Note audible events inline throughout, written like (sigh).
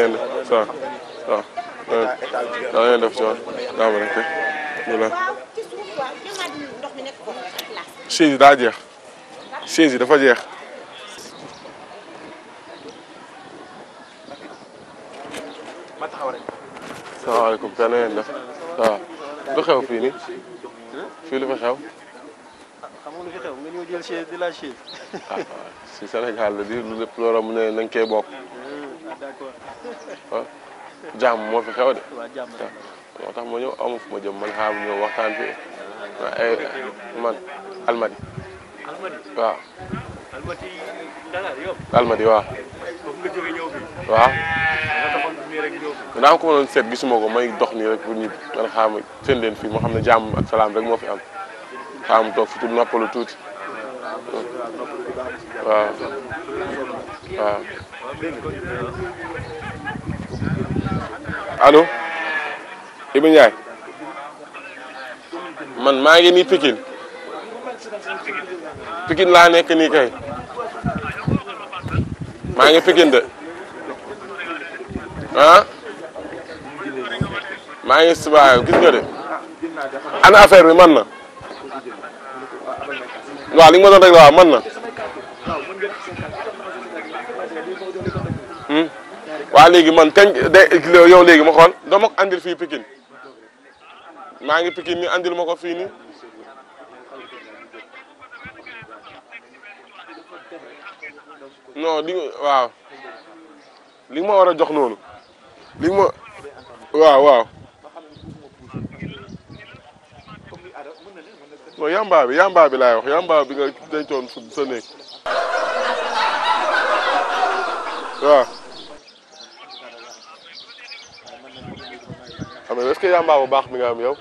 ngeen def ça va waaw ngeen def ça daa ma nekk voilà. chaise yi daa jeex chaise yi dafa jeex. salaamaaleykum kenn ngeen def waaw lu xew fii nii fii lu fi xew. xam nga lu fi xew nga ñëw jël chaise di la chaise. ah si Sénégal la di lu lépp loo xam ne nañ koy bokk. Hmm, ah, d'accord ah jàmm moo fi xew de. moo tax ma ñëw amu fu ma jëm man xaaral ñëw waxtaan fi eh, man almadi. almadi almadi Dakar yow. almadi waaw. foofu nga jógee ñëw fi. ko may dox nii rek pour ñibbi man xaaral ma leen fii moo xam ne jàmm ak salaam rek moo fi am xaaral toog fi tuuti tuuti. waaw waaw. allo Ibu Ndiaye man maa ngi ni Pikine Pikine laa nekk nii kay maa ngi Pikine de ah maa ngi subaa gis nga de ana affaire bi man na waaw li nga ma doon rek la waaw man na waa léegi man kañ day yow léegi ma xool doo ma ko andil maa ngi Pikine ni andil ma ko fii nii non waaw li ma war a jox noonu li ma waaw waaw non yamba bi yamba bi laay wax yamba bi sa néeg waaw mais est-ce que yamba bu baax mi nga am yow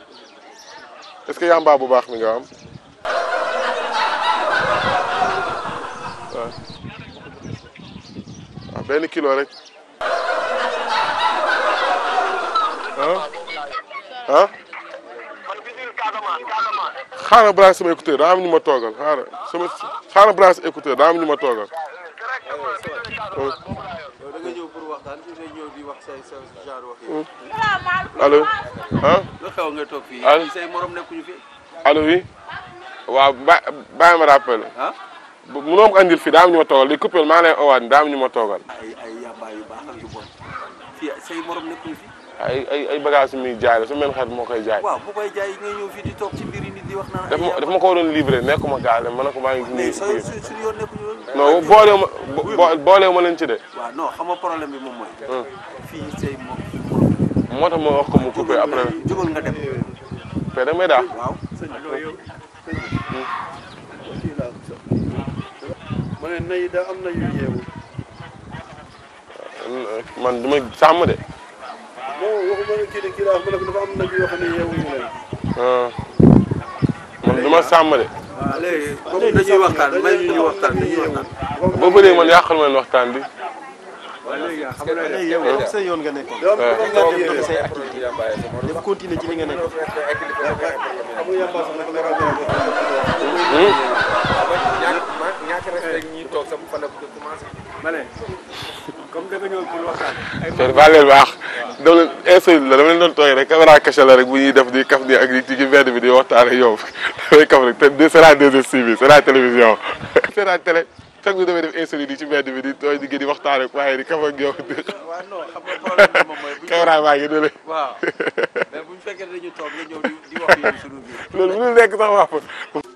est-ce bu baax mi nga am. Ah, kilo rek. ah ah. xaaral branche sama écouteur daa am ñu ma toogal xaaral sama xaaral branche écouteur daa am ñu ma toogal. allo. ah. allo. allo oui. waaw ba bàyyi ma rappel. bu mënoo ma andil fii daa am ñu ma toogal li coupé maa lay owaat daa am ñu ma toogal. ay ay yàmbaay yu baax ak yu bon fii say morom nekkuñu fi. ay ay ay bagages yu muy jaay la su mel xarit moo koy jaay. waaw bu koy jaay nga di toog ci biir nit di wax naan. daf ma daf ma ko waroon livré nekkuma gaal ma ne ko maa ngi. mais sooy suñu yoon nekkuñu non booleewuma bo booleewuma ci de. waaw non bi moom mooy. fii say moo tax ma wax ko mu coupé après. jógal nga dem. ma ne man du ma sàmm de. mooy kii kii la wax am nag yoo xam ah. ma sàmm de. waaw ah, léegi comme ah, dañuy waxtaan may ñu ñu waxtaan dañuy waxtaan. boo bëree man waxtaan bi. waaw léegi xam nga léegi yow yow sa yoon nga nekkoon. yow nga dem doxi ci li nga nekkoon. ñaata ñaata hmm? respect ñuy toog sama fan la ko commencé. ma ne. comme danga ñëw pour waxtaan. baax leen baax. dama leen insolite la dama leen doon tooy rek caméra caché la rek bu ñuy def di kaf nii ak ci mbedd bi di waxtaan ak yow damay kaf rek te c'est la 2STV c'est la télévision. (laughs) c'est la télé chaque jour damay def insolite yi ci mbedd bi di tooy di gën di waxtaan ak waaye di kaf ak yow. waaw non xam nga problème bi moom mooy. (laughs) caméra baa ngi dële. waaw (laughs) mais bu ñu fekkee dañu toog nga ñëw di wax loolu mënul nekk sax wax